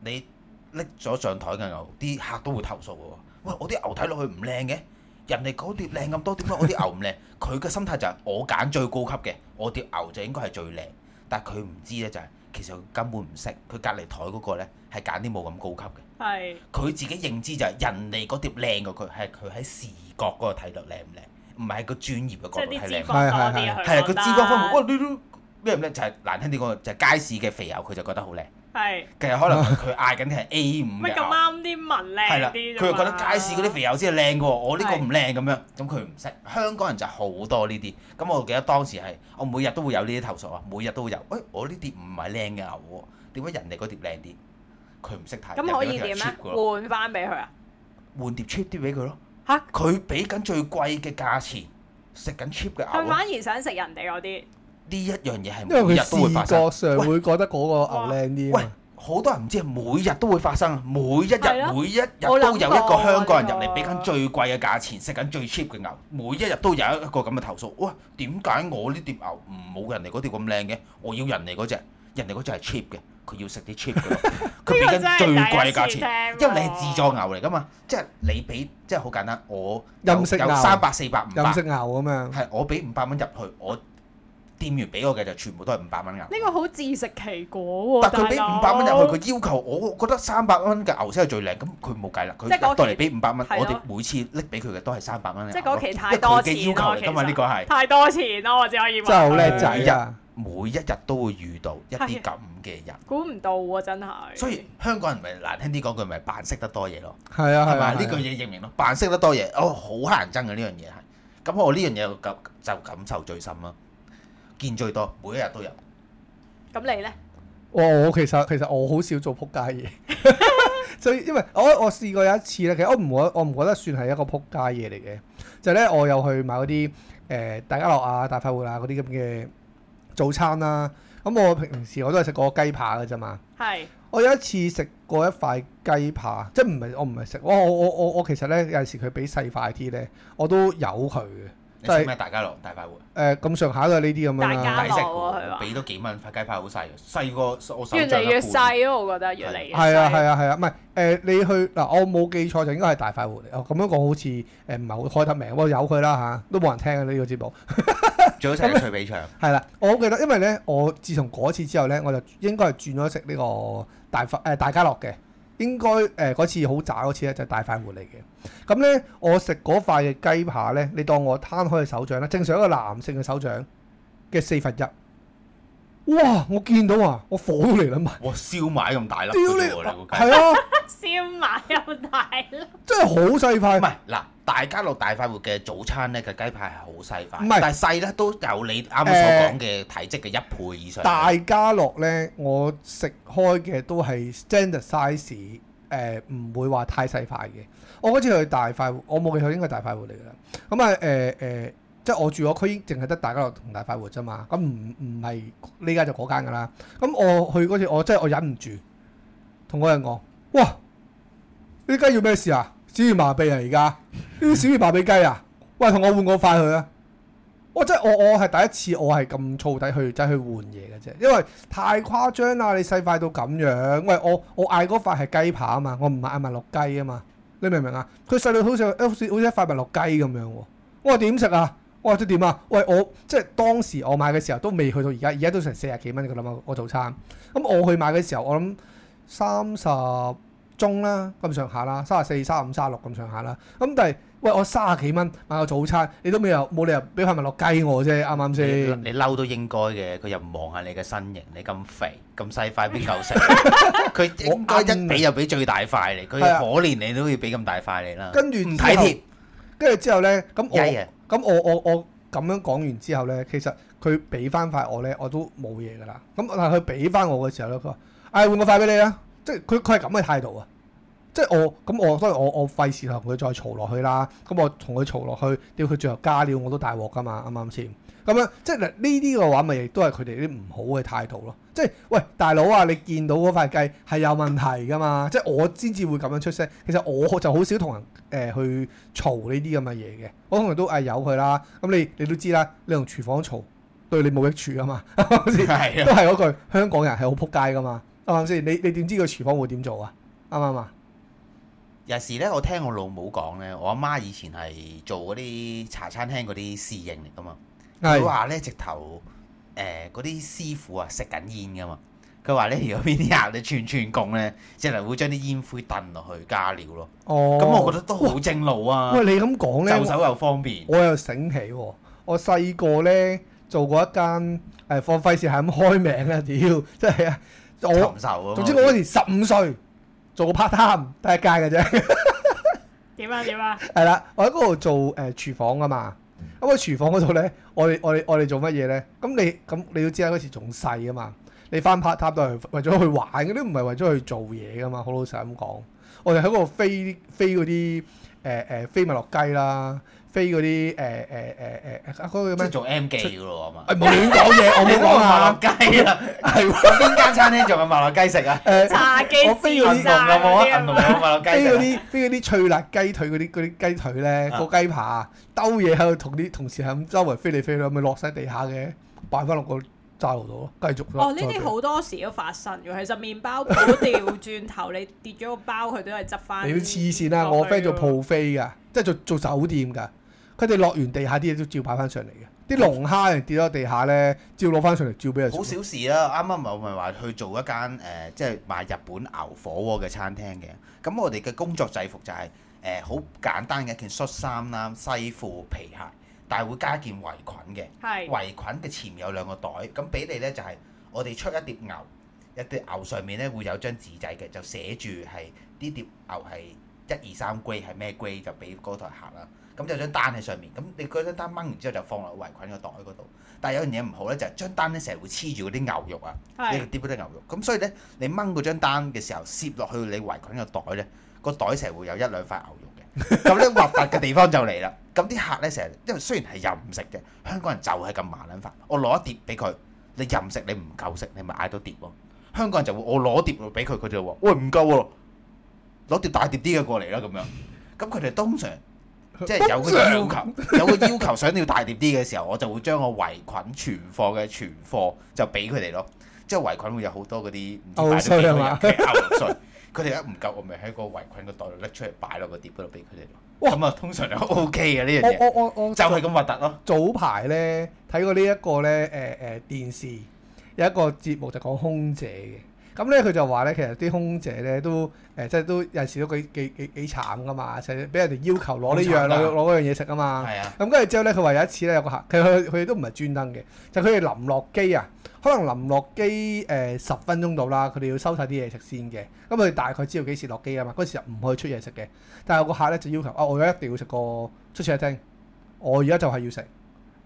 Speaker 3: 你拎咗上台嘅牛，啲客都會投訴喎。喂，我啲牛睇落去唔靚嘅，人哋嗰碟靚咁多，點解我啲牛唔靚？佢嘅心態就係我揀最高級嘅，我碟牛就應該係最靚。但係佢唔知咧就係。其實根本唔識，佢隔離台嗰個咧係揀啲冇咁高級嘅。
Speaker 2: 係是。
Speaker 3: 佢自己認知就係人哋嗰碟靚過佢，係佢喺視覺嗰個睇落靚唔靚，唔係個專業嘅角度睇靚。係係係。係啊，佢知光分佈哇，你都咩唔靚？就係、是、難聽啲講，就係、是、街市嘅肥油，佢就覺得好靚。係，其實可能佢嗌緊嘅係 A 五嘅牛，咁啱
Speaker 2: 啲紋靚啲。佢又覺得街市
Speaker 3: 嗰啲肥牛先係靚嘅，我呢個唔靚咁樣，咁佢唔識。香港人就係好多呢啲，咁我記得當時係，我每日都會有呢啲投訴啊，每日都會有，喂我呢碟唔係靚嘅牛，點解人哋嗰碟靚啲？佢唔識睇。咁可以點咧？換翻俾佢啊？換碟 cheap 啲俾佢咯。嚇！佢俾緊最貴嘅價錢，食緊 cheap 嘅牛。佢反
Speaker 2: 而想食人哋嗰啲。
Speaker 3: 呢一樣嘢係每日都會發
Speaker 1: 生。會覺得嗰個牛靚啲。喂，好多人唔知係每日都會發生，
Speaker 3: 每一日每一日都有一個香港人入嚟俾緊最貴嘅價錢，食緊最 cheap 嘅牛。每一日都有一個咁嘅投訴。哇，點解我呢碟牛唔冇人哋嗰碟咁靚嘅？我要人哋嗰隻，人哋嗰隻係 cheap 嘅，佢要食啲 cheap 嘅，佢俾緊最貴嘅價錢。因為你係自助牛嚟㗎嘛，即係你俾即係好簡單，我有三百四百五百。任食牛咁樣。係，我俾五百蚊入去，我。店員俾我嘅就全部都係五百蚊噶，呢
Speaker 2: 個好自食其果喎。但佢俾五百蚊入去，佢
Speaker 3: 要求我覺得三百蚊嘅牛先係最靚，咁佢冇計啦。佢攞嚟俾五百蚊，我哋每次拎俾佢嘅都係三百蚊咧。即係嗰期太多錢咯。太多錢咯，我只可
Speaker 2: 以真係好叻仔啊！
Speaker 3: 每一日都會遇到一啲咁嘅人，
Speaker 2: 估唔到喎，真係。
Speaker 3: 所以香港人咪難聽啲講句咪扮識得多嘢咯？係啊係咪？呢句嘢認唔認咯？扮識得多嘢哦，好乞人憎嘅呢樣嘢係。咁我呢樣嘢就感受最深咯。見最多，每一日都有。
Speaker 2: 咁你呢？
Speaker 1: 我其實其實我好少做撲街嘢，所以因為我我試過有一次咧，其實我唔 我我唔覺，覺得算係一個撲街嘢嚟嘅，就咧、是、我又去買嗰啲誒大家樂啊、大快活啊嗰啲咁嘅早餐啦、啊。咁、嗯、我平時我都係食過雞扒嘅啫嘛。係。 我有一次食過一塊雞扒，即係唔係我唔係食，我我我我，我，我，我其實咧有陣時佢俾細塊啲咧，我都有佢嘅。就係大
Speaker 3: 家
Speaker 1: 樂、大快活。誒咁上下都係呢啲咁樣啦。大家
Speaker 3: 俾多幾蚊塊嗎，雞塊好細嘅，細過我手掌一半。
Speaker 2: 越嚟越細
Speaker 1: 咯，我覺得越嚟越細。係啊係啊係啊，唔係誒你去嗱，呃，我冇記錯就應該係大快活嚟。哦，咁樣講好似誒唔係好開得名。我由佢啦吓，都冇人聽嘅呢，呢個節目。
Speaker 3: 最好食脆皮腸。
Speaker 1: 係啦、， 啊啊，我好記得，因為咧，我自從嗰次之後咧，我就應該係轉咗食呢個大快，呃，大家樂嘅。應該誒嗰、呃、次好渣嗰次咧，就係大塊活嚟嘅。咁咧，我食嗰塊嘅雞扒咧，你當我攤開嘅手掌咧，正常一個男性嘅手掌嘅四分一。哇！我見到啊，我火都嚟啦嘛！
Speaker 3: 哇！我燒埋咁大粒，係你啊！
Speaker 2: 燒賣又大
Speaker 3: 粒， 真係好細塊。唔係嗱，大家樂大快活嘅早餐咧嘅雞排係好細塊，唔係，但係細咧都有你啱啱所講嘅體積嘅一倍以上。大
Speaker 1: 家樂咧，我食開嘅都係 standard size，誒、呃、唔會話太細塊嘅。我嗰次去大快活，我冇記錯應該大快活嚟㗎啦。咁啊誒誒，即係我住嗰區，淨係得大家樂同大快活啫嘛。咁唔唔係呢間就嗰間㗎啦。咁我去嗰次，我真係我忍唔住，同人講。哇！呢雞要咩事啊？小兒麻痹啊！而家呢啲小兒麻痹雞啊？喂，同我換個塊去啊！我真係我我係第一次我係咁燥底去真去換嘢嘅啫，因為太誇張啦！你細塊到咁樣，喂我我嗌嗰塊係雞扒啊嘛，我唔係嗌麥樂雞啊嘛，你明唔明啊？佢細到好似好似一塊麥樂雞咁樣喎！我話點食啊？我即點啊？喂我即係當時我買嘅時候都未去到而家，而家都成四十幾蚊你諗下，我早餐咁我去買嘅時候我諗。三十鐘啦，咁上下啦，三十四、三十五、三十六咁上下啦。咁但係，喂，我三十幾蚊買個早餐，你都未有冇理由俾份物落雞我啫？啱啱先？
Speaker 3: 你嬲都應該嘅，佢又唔望下你嘅身形，你咁肥咁細塊邊夠食？佢應該一你又俾最大塊嚟，佢可憐你都要俾咁大塊你啦。跟住睇後，
Speaker 1: 跟住之後咧，咁我咁我我我咁樣講完之後咧，其實佢俾翻塊我咧，我都冇嘢噶啦。咁但係佢俾翻我嘅時候咧，佢。哎，換個塊俾你啦！即係佢，佢係咁嘅態度啊！即係我咁，我當然我我費事同佢再嘈落去啦。咁我同佢嘈落去，屌佢最後加料，我都大鑊噶嘛，啱唔啱先？咁樣即係呢啲嘅話，咪亦都係佢哋啲唔好嘅態度咯。即係喂，大佬啊，你見到嗰塊雞係有問題噶嘛？即係我先至會咁樣出聲。其實我就好少同人誒、呃、去嘈呢啲咁嘅嘢嘅。我可能都誒由佢啦。咁你你都知啦，你同廚房嘈對你冇益處噶嘛？ 都係嗰句香港人係好撲街噶嘛～啱唔啱先？你你點知個廚房會點做啊？啱唔啱啊？
Speaker 3: 有時咧，我聽我老母講咧，我阿媽以前係做嗰啲茶餐廳嗰啲侍應嚟噶嘛。佢話咧，直頭誒嗰啲師傅啊食緊煙噶嘛。佢話咧，如果邊啲人你串串貢咧，即係會將啲煙灰燉落去加料咯。
Speaker 1: 哦，咁我覺得
Speaker 3: 都好正路啊。喂，你咁講咧，就手又方便，我，我
Speaker 1: 又醒起，啊，我細個咧做過一間誒放費事係咁開名啊！屌，真係啊！ 我
Speaker 2: 受啊。總之我嗰
Speaker 1: 時十五歲做個 part time 第一屆嘅啫，點
Speaker 2: 啊點
Speaker 1: 啊？係啦，啊，我喺嗰度做誒廚、呃、房噶嘛，咁喺廚房嗰度咧，我哋我哋我哋做乜嘢咧？咁你咁你都知啊，嗰時仲細啊嘛，你翻 part time 都係為咗去玩嘅，都唔係為咗去做嘢噶嘛，好老實咁講。我哋喺嗰度飛飛啲。誒誒飛麥樂雞啦，飛嗰啲誒誒
Speaker 3: 誒誒，嗰個叫咩？即係做 M 記噶咯，係嘛？誒唔好亂講嘢，我冇講麥樂雞啦。係喎，邊間餐廳仲有麥樂雞食啊？誒茶記，我飛嗰啲銀鳳有冇啊？銀鳳有麥樂
Speaker 1: 雞。飛嗰啲飛啲脆辣雞腿嗰啲啲雞腿咧，個雞扒兜嘢喺度，同啲同事喺周圍飛嚟飛去，咪落晒地下嘅，擺翻落個。揸牢到咯，繼續咯。哦，呢啲好多
Speaker 2: 時都發生嘅。 其實麵包鋪掉轉頭， 你跌咗個包，佢都係執翻。你要黐線啊！哦、我 friend 做鋪
Speaker 1: 飛嘅，即係做做酒店㗎。佢哋落完地下啲嘢都照擺翻上嚟嘅。啲龍蝦跌咗地下咧，照攞翻上嚟，照俾人。好
Speaker 2: 小事
Speaker 3: 啊！啱啱咪咪話去做一間誒、呃，即係賣日本牛火鍋嘅餐廳嘅。咁我哋嘅工作制服就係誒好簡單嘅一件恤衫啦、西褲、皮鞋。但係會加件圍裙嘅，是圍裙嘅前面有兩個袋，咁俾你咧就係、是、我哋出一碟牛，一碟牛上面咧會有張紙仔嘅，就寫住係呢碟牛係一二三 grade 係咩 grade 就俾嗰台客啦。咁就張單喺上面，咁你嗰張單掹完之後就放落圍裙個袋嗰度。但係有樣嘢唔好咧，就係、是、張單咧成日會黐住嗰啲牛肉啊，呢碟嗰啲牛肉。咁是所以咧你掹嗰張單嘅時候，攝落去你圍裙個袋、那個袋咧，個袋成日會有一兩塊牛肉。咁咧核突嘅地方就嚟啦！咁啲客咧成日，因為雖然係任食嘅，香港人就係咁麻撚法。我攞一碟俾佢，你任食，你唔夠食，你咪嗌多碟咯。香港人就會我攞碟俾佢，佢就話：喂，唔夠喎，攞碟大碟啲嘅過嚟啦咁樣。咁佢哋通常即係有個要求， 有個要求想要大碟啲嘅時候，我就會將我圍裙存貨嘅存貨就俾佢哋咯。即係圍裙會有好多嗰啲唔碎啊嘛， 佢哋一唔夠，我咪喺個圍裙個袋度拎出嚟，擺落個碟嗰度俾佢哋。哇！咁啊，通常都 O K 嘅呢樣嘢。
Speaker 1: 就係咁核突咯。早排咧睇過呢一個咧誒誒電視有一個節目就講空姐嘅。咁咧佢就話咧，其實啲空姐咧都誒即係都有時都幾幾幾幾慘噶嘛，成日俾人哋要求攞呢樣攞攞嗰樣嘢食啊嘛。係啊。咁跟住之後咧，佢話有一次咧有個客，佢佢佢都唔係專登嘅，就佢哋臨落機啊。可能臨落機誒十、呃、分鐘到啦，佢哋要收晒啲嘢食先嘅。咁佢哋大概知道幾時落機啊嘛。嗰時唔可以出嘢食嘅。但係個客咧就要求啊、哦，我而家一定要食個出前一丁。我而家就係要食。誒、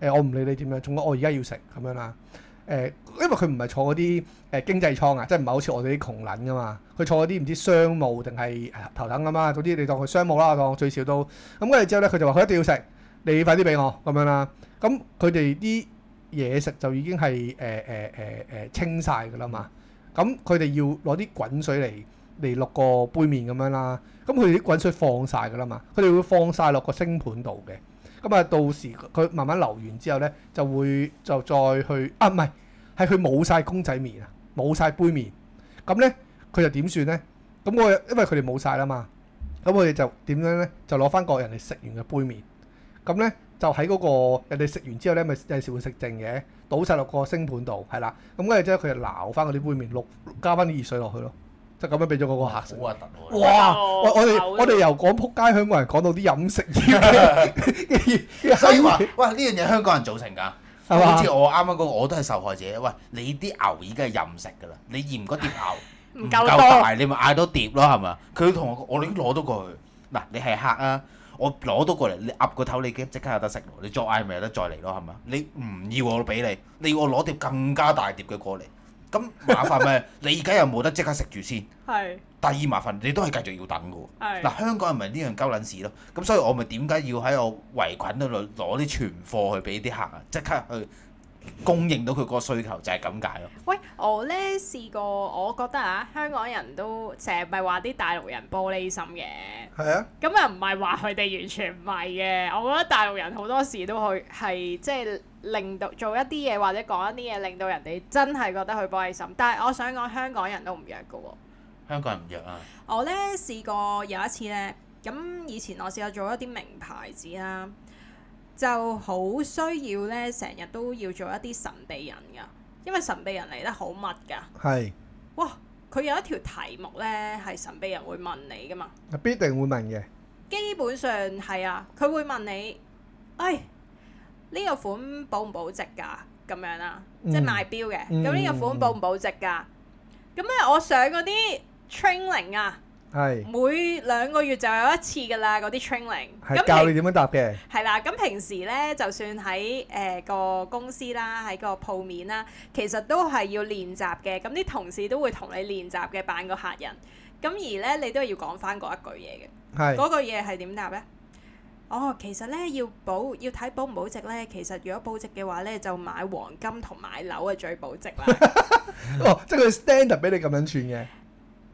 Speaker 1: 呃，我唔理你點樣，仲我而家要食咁樣啦。誒、呃，因為佢唔係坐嗰啲誒經濟艙啊，即係唔係好似我哋啲窮撚噶嘛。佢坐嗰啲唔知商務定係、啊、頭等咁啊。總之你當佢商務啦，我當我最少都。咁跟住之後咧，佢就話佢一定要食，你快啲俾我咁樣啦。咁佢哋啲嘢食就已經係誒誒誒誒清晒嘅啦嘛，咁佢哋要攞啲滾水嚟嚟落個杯麵咁樣啦，咁佢哋啲滾水放晒嘅啦嘛，佢哋會放晒落個星盤度嘅，咁、嗯、啊到時佢慢慢流完之後咧，就會就再去啊唔係，係佢冇晒公仔麵啊，冇晒杯麵，咁咧佢就點算咧？咁我因為佢哋冇晒啦嘛，咁我哋就點樣咧？就攞翻個人嚟食完嘅杯麵。咁咧就喺嗰個人哋食完之後咧，咪有時會食剩嘅，倒晒落個星盤度，係啦。咁跟住之後佢就撈翻嗰啲杯麪，落加翻啲熱水落去咯，就咁樣俾咗嗰個客食。好核突喎！哇！我哋我哋由講仆街香港人講到啲飲食嘢，所
Speaker 3: 以話。喂，呢樣嘢香港人造成㗎，好似我啱啱嗰個我都係受害者。喂，你啲牛已經係任食㗎啦，你嫌嗰碟牛唔夠大，你咪嗌多碟咯，係嘛？佢同我我已經攞咗過去。嗱，你係客啊！我攞到過嚟，你壓個頭，你嘅即刻有得食。你再嗌咪有得再嚟咯，係咪？你唔要我俾你，你要我攞碟更加大碟嘅過嚟，咁麻煩咩？ 你而家又冇得即刻食住先。係。 第二麻煩，你都係繼續要等嘅喎。嗱、 啊，香港係咪呢樣鳩撚事咯？咁所以我咪點解要喺我圍裙度攞啲存貨去俾啲客啊即刻去？供應到佢嗰個需求就係咁解咯。
Speaker 2: 喂，我咧試過，我覺得啊，香港人都成日咪話啲大陸人玻璃心嘅。係啊。咁又唔係話佢哋完全唔係嘅。我覺得大陸人好多時都去係即係令到做一啲嘢或者講一啲嘢令到人哋真係覺得佢玻璃心。但係我想講香港人都唔弱㗎喎、哦。
Speaker 3: 香港人唔弱
Speaker 2: 啊！我咧試過有一次咧，咁以前我試過做一啲名牌子啦。就好需要咧，成日都要做一啲神秘人噶，因為神秘人嚟得好密噶。係，是 哇！佢有一條題目咧，係神秘人會問你噶嘛？
Speaker 1: 必定會問嘅。
Speaker 2: 基本上係啊，佢會問你：唉，呢個款保唔保值噶？咁樣啊，即係賣錶嘅。咁呢個款保唔保值噶？咁咧，我上嗰啲 training 啊。每兩個月就有一次噶啦，嗰啲 training 係是平教
Speaker 1: 你點樣答嘅。
Speaker 2: 係啦，咁平時咧，就算喺誒個公司啦，喺個鋪面啦，其實都係要練習嘅。咁啲同事都會同你練習嘅，扮個客人。咁而咧，你都要講翻嗰一句嘢嘅。係嗰句嘢係點答咧？哦，其實咧，要保，要睇保唔保值咧。其實如果保值嘅話咧，就買黃金同買樓係最保值
Speaker 1: 啦。哦，即係佢 standard 俾你咁樣串嘅。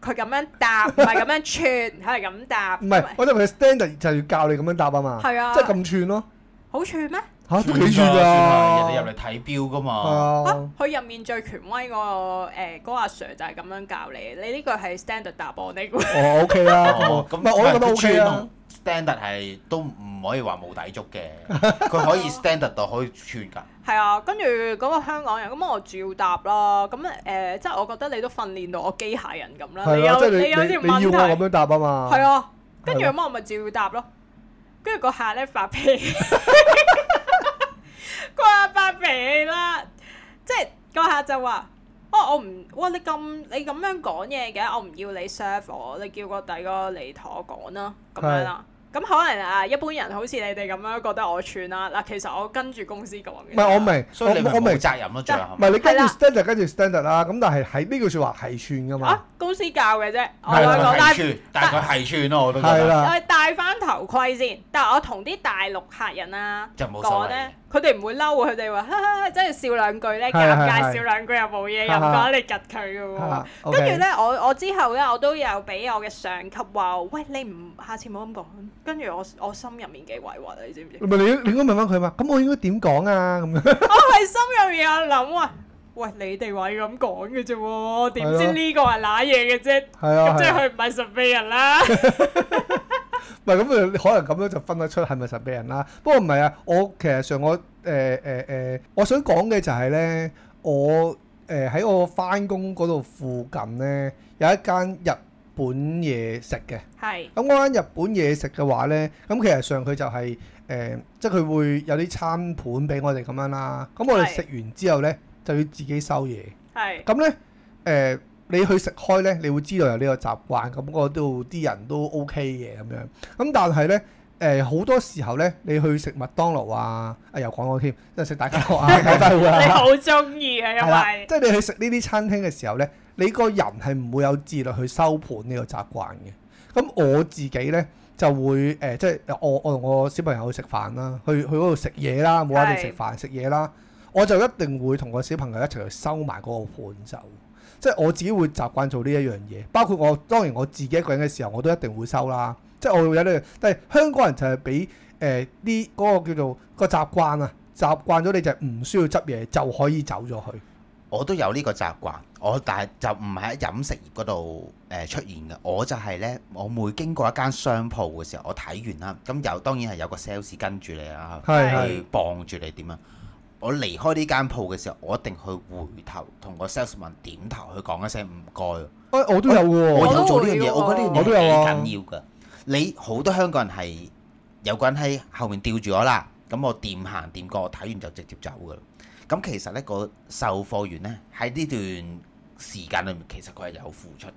Speaker 2: 佢咁樣答，唔係咁樣串，係咁答。唔係，
Speaker 1: 我哋咪 standard 就要教你咁樣答啊嘛。係啊，即係
Speaker 2: 咁串咯。好串咩？
Speaker 3: 嚇都幾串啊！人哋入嚟睇表㗎嘛。啊，
Speaker 2: 佢入面最權威個誒高阿 Sir 就係咁樣教你。你呢個係 standard 答案，你個。哦，OK 啦。咁咪我覺得都串咯。
Speaker 3: standard 係，都唔可以話冇底足嘅，佢可以 standard 到可以串㗎。
Speaker 2: 係啊，跟住嗰個香港人，咁我照答啦。咁誒、呃，即係我覺得你都訓練到我機械人咁啦。係啊，你有即係你你，有問題你要我咁樣
Speaker 3: 答啊嘛。
Speaker 1: 係啊，跟住咁我
Speaker 2: 咪照答咯。跟住個客咧發脾氣，個 客發脾氣啦。即係個客就話：哦，我唔，哇、哦！你咁你咁樣講嘢嘅，我唔要你 serve 我，你叫個第個嚟同我講啦。咁樣啦、啊。咁可能啊，一般人好似你哋咁樣覺得我串啦。嗱，其實我跟住公司講嘅。唔係我明，
Speaker 1: 所以你冇責任咯，仲係唔係？你跟住 standard 跟住 standard 啦。咁但係喺呢句說話係串噶嘛？
Speaker 2: 公司教嘅啫，我同你講
Speaker 3: 但係佢係串咯，我都係啦。我
Speaker 2: 戴翻頭盔先，但係我同啲大陸客人啊
Speaker 3: 就冇講咧。
Speaker 2: 佢哋唔會嬲，佢哋話真即係笑兩句咧，尷尬格笑兩句又冇嘢，是是又唔講你窒佢嘅喎。是是跟住咧，是是 okay、我我之後咧，我都有俾我嘅上級話，喂，你唔下次唔好咁講。跟住我我，我心入面幾委屈，你知唔知？唔係你
Speaker 1: 應該問翻佢嘛？咁我應該點講啊？咁樣
Speaker 2: 我係心入面有諗喂，喂，你哋話要咁講嘅啫，點知呢個係哪嘢嘅啫？係啊，咁即係佢唔係神秘人啦？
Speaker 1: 唔係，咁你可能咁樣就分得出係咪神秘人啦。不過唔係啊，我其實上我誒誒誒，我想講嘅就係、是、咧，我誒喺、呃、我翻工嗰度附近咧有一間日本嘢食嘅。係是。咁嗰間日本嘢食嘅話咧，咁其實上佢就係、是、誒、呃，即係佢會有啲餐盤俾我哋咁樣啦。咁我哋食完之後咧就要自己收嘢。係是。咁咧誒。呃你去食開咧，你會知道有呢個習慣，咁嗰度啲人都 OK 嘅咁樣。咁但係咧，誒好多時候咧，你去食麥當勞啊，阿又講我添，即係食大家樂啊，好得意啊！你好
Speaker 2: 中意啊，因為即係你去
Speaker 1: 食呢啲餐廳嘅時候咧，你個人係唔會有自律去收盤呢個習慣嘅。咁我自己咧就會誒，即係我我同我小朋友去食飯啦，去去嗰度食嘢啦，冇話食飯食嘢啦，我就一定會同個小朋友一齊去收埋嗰個盤走。即係我自己會習慣做呢一樣嘢，包括我當然我自己一個人嘅時候，我都一定會收啦。即係我會有呢個，但係香港人就係俾誒啲嗰個叫做個習慣啊，習慣咗你就唔需要執嘢就可以走咗去。
Speaker 3: 我都有呢個習慣，我但係就唔喺飲食業嗰度誒出現嘅。我就係呢，我每經過一間商鋪嘅時候，我睇完啦。咁又當然係有個 sales 跟住你啦，係去幫住你點啊？我離開呢間鋪嘅時候，我一定去回頭同個 salesman 點頭去講一聲唔該。哎、欸，我都有喎、啊，我有做呢啲嘢，我，啊、我覺得呢啲嘢好緊要噶。啊、你好多香港人係有個人喺後面吊住我啦，咁我掂行掂過，睇完就直接走噶。咁其實呢個售貨員呢，喺呢段時間裏面，其實佢係有付出嘅。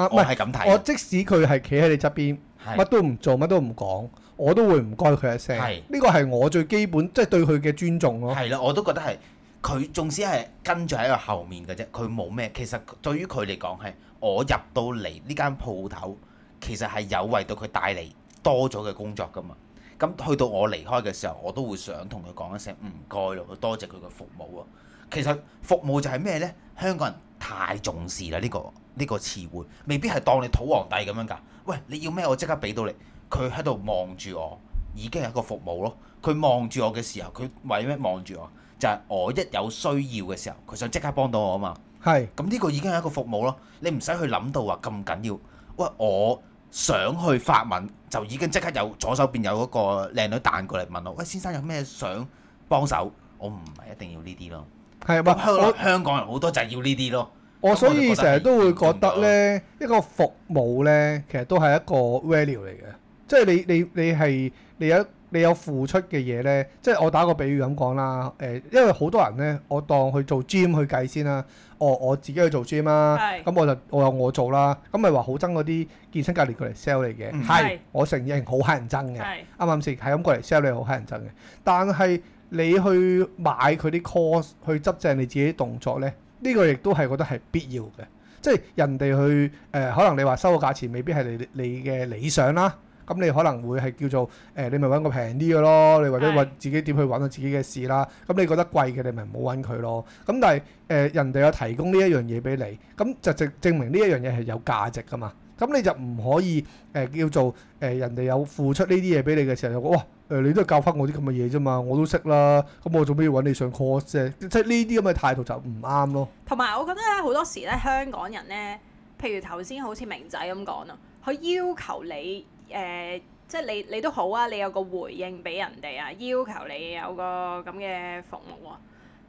Speaker 3: 啊，唔係，我，我
Speaker 1: 即使佢係企喺你側邊，乜都唔做，乜都唔講。我都會唔該佢一聲，呢個係我最基本，即係對佢嘅尊重咯。係
Speaker 3: 啦，我都覺得係佢，縱使係跟住喺個後面嘅啫，佢冇咩。其實對於佢嚟講，係我入到嚟呢間鋪頭，其實係有為到佢帶嚟多咗嘅工作噶嘛。咁去到我離開嘅時候，我都會想同佢講一聲唔該咯，多謝佢嘅服務啊。其實服務就係咩呢？香港人太重視啦，呢個呢個詞彙未必係當你土皇帝咁樣㗎。喂，你要咩，我即刻俾到你。佢喺度望住我，已經係一個服務咯。佢望住我嘅時候，佢為咩望住我？就係、是、我一有需要嘅時候，佢想即刻幫到我啊嘛。係是。咁呢個已經係一個服務咯。你唔使去諗到話咁緊要。喂，我想去發文，就已經即刻有左手邊有嗰個靚女彈過嚟問我，喂，先生有咩想幫手？我唔係一定要呢啲咯。係咪嗎？我香港人好多就係要呢啲咯。我所以成日
Speaker 1: 都會覺得呢，一個服務呢，其實都係一個 value 嚟嘅。即係你你你係你有你有付出嘅嘢咧，即係我打個比喻咁講啦。誒、呃，因為好多人咧，我當去做 gym 去計先啦。我、哦、我自己去做 gym 啦，咁我就我由我做啦。咁咪話好憎嗰啲健身教練過嚟 sell 你嘅。係、嗯嗯，我承認好乞人憎嘅。啱唔啱先？係咁過嚟 sell 你好乞人憎嘅。是但係你去買佢啲 course 去執正你自己啲動作咧，呢、呢個亦都係覺得係必要嘅。即係人哋去誒、呃，可能你話收個價錢未必係你你嘅理想啦。咁、嗯、你可能會係叫做誒、呃，你咪揾個平啲嘅咯，你或者揾自己點去揾到自己嘅事啦。咁、嗯、你覺得貴嘅，你咪唔好揾佢咯。咁、嗯、但係誒、呃，人哋有提供呢一樣嘢俾你，咁、嗯、就證證明呢一樣嘢係有價值噶嘛。咁、嗯、你就唔可以誒、呃、叫做誒、呃、人哋有付出呢啲嘢俾你嘅時候，哇誒、呃，你都係教翻我啲咁嘅嘢啫嘛，我都識啦。咁、嗯、我做咩要揾你上 course 啫？即係呢啲咁嘅態度就唔啱咯。
Speaker 2: 同埋我覺得咧，好多時咧，香港人咧，譬如頭先好似明仔咁講啊，佢要求你。誒、呃，即係你你都好啊，你有個回應俾人哋啊，要求你有個咁嘅服務啊。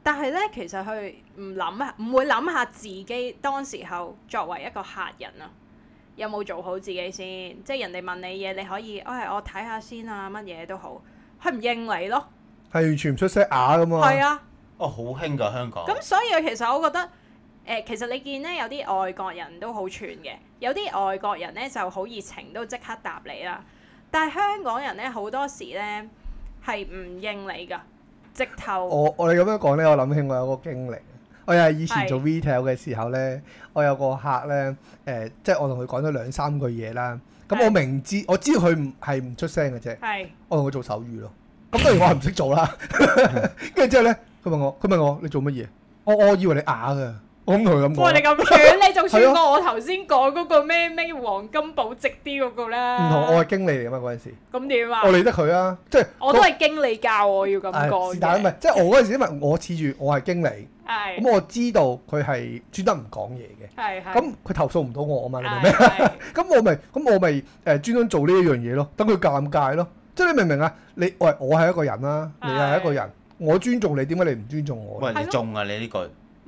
Speaker 2: 但係呢，其實佢唔諗啊，唔會諗下自己當時候作為一個客人啊，有冇做好自己先。即係人哋問你嘢，你可以，哎，我睇下先啊，乜嘢都好，佢唔應你咯，
Speaker 1: 係完全唔出聲啊咁啊。係、哦、啊，哦，好興㗎香港。咁
Speaker 2: 所以其實我覺得。誒，其實你見咧有啲外國人都好串嘅，有啲外國人咧就好熱情，都即刻答你啦。但係香港人咧好多時咧係唔應你噶，直頭。我
Speaker 1: 我哋咁樣講咧，我諗起我有個經歷，我又係以前做 retail 嘅時候咧，是我有個客咧，誒、呃，即係我同佢講咗兩三句嘢啦。咁我明知是我知道佢唔係唔出聲嘅啫，是我同佢做手語咯。咁當然我唔識做啦。跟住之後咧，佢問我，佢問我你做乜嘢？我我以為你啞、啊、嘅。我唔同咁講。哇！你咁串，你仲串過我
Speaker 2: 頭先講嗰個咩咩黃金保值啲嗰個咧？唔同，我係
Speaker 1: 經理嚟噶嘛嗰陣時。
Speaker 2: 咁點啊？我理得佢啊，即係我都係經理教我要咁講。是但唔係，即係
Speaker 1: 我嗰陣時因為我恃住我係經理，咁我知道佢係專登唔講嘢嘅。係係。咁佢投訴唔到我啊嘛？你明唔明？咁我咪咁我咪誒專登做呢一樣嘢咯，等佢尷尬咯。即係你明唔明啊？你喂，我係一個人啦，你係一個人，我尊重你，點解你唔尊重我？
Speaker 3: 喂！你中啊你呢句。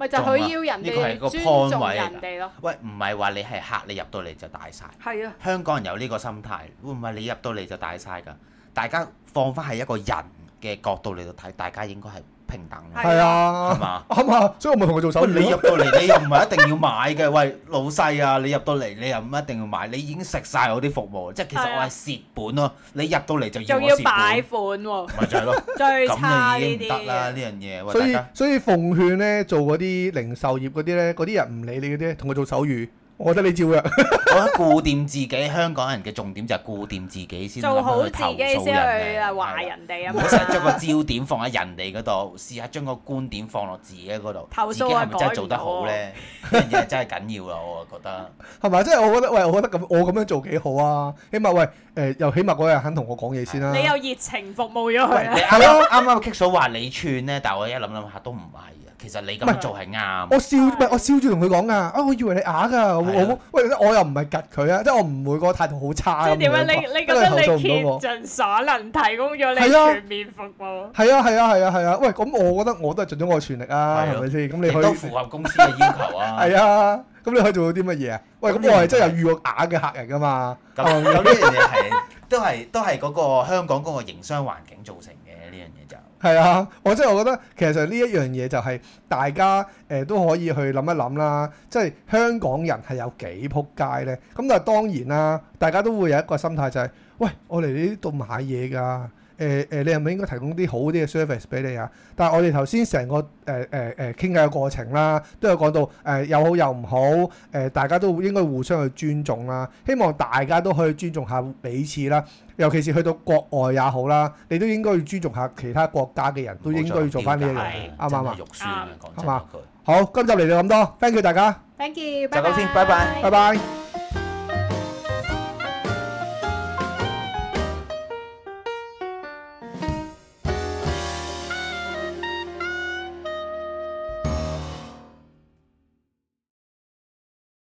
Speaker 3: 咪就佢要人哋尊重人哋咯。喂，唔係話你係客，你入到嚟就大晒。係啊，香港人有呢個心態，會唔會你入到嚟就大晒㗎？大家放翻喺一個人嘅角度嚟到睇，大家應該係。平等係啊，係嘛，
Speaker 1: 啱啊，所以我咪同佢做手語、啊。你入到嚟，你
Speaker 3: 又唔係一定要買嘅。喂，老細啊，你入到嚟，你又唔一定要買。你已經食晒我啲服務，即係其實我係蝕本咯、啊。你入到嚟就要我蝕
Speaker 2: 本。仲要擺款喎、啊？咪就係咯，最差呢啲。咁就已經唔
Speaker 3: 得啦，呢樣嘢。所以
Speaker 1: 所以，所以奉勸咧，做嗰啲零售業嗰啲咧，嗰啲人唔理你嗰啲，同佢做手語。我覺得你照樣！
Speaker 3: 我覺得顧掂自己，香港人嘅重點就係顧掂自己先，想想去去投訴人哋，做好自己
Speaker 2: 先去話吧人哋啊！唔好成日將個
Speaker 3: 焦點放喺人哋嗰度，試下將個觀點放落自己嗰度，投訴自己係咪真係做得好咧？呢樣嘢真係緊要啦，我覺得。
Speaker 1: 係咪？ 即係我覺得，喂，我覺得咁，我咁樣做幾好啊？起碼喂。誒，又起碼嗰日肯同我講嘢先啦。你
Speaker 2: 又熱情服務咗佢。係咯，啱
Speaker 3: 啱 Kiko 話你串咧，但係我一諗諗下都唔係啊。其實你咁做係啱。我
Speaker 1: 笑，唔係我笑住同佢講噶。啊，我以為你假㗎。我喂，我又唔係吉佢啊，即係我唔會個態度好差。即係點樣？你你覺得你竭盡所能提供
Speaker 2: 咗你全面服務。
Speaker 1: 係啊，係啊，係啊，係啊。喂，咁我覺得我都係盡咗我嘅全力啊，係咪先？咁你都符
Speaker 3: 合公司嘅要求啊。係啊。咁你可以做到啲乜嘢啊？喂，咁我係真係遇過啞嘅客人噶嘛？咁有呢樣嘢係， 都係都係嗰個香港嗰個營商環境造成嘅，呢樣嘢
Speaker 1: 就係啊！我真係我覺得其實呢一樣嘢就係、是、大家誒、呃、都可以去諗一諗啦，即係香港人係有幾撲街咧？咁但係當然啦、啊，大家都會有一個心態就係、是：喂，我嚟呢度買嘢㗎。誒誒、呃，你係咪應該提供啲好啲嘅 service 俾你啊？但係我哋頭先成個誒誒誒傾偈嘅過程啦，都有講到誒、呃、又好又唔好，誒、呃、大家都應該互相去尊重啦。希望大家都可以尊重下彼此啦，尤其是去到國外也好啦，你都應該要尊重下其他國家嘅人都應該要做翻呢樣嘢，啱嘛嘛？好，今集嚟到咁多，thank you 大家，
Speaker 2: 就咁先，拜拜，拜拜。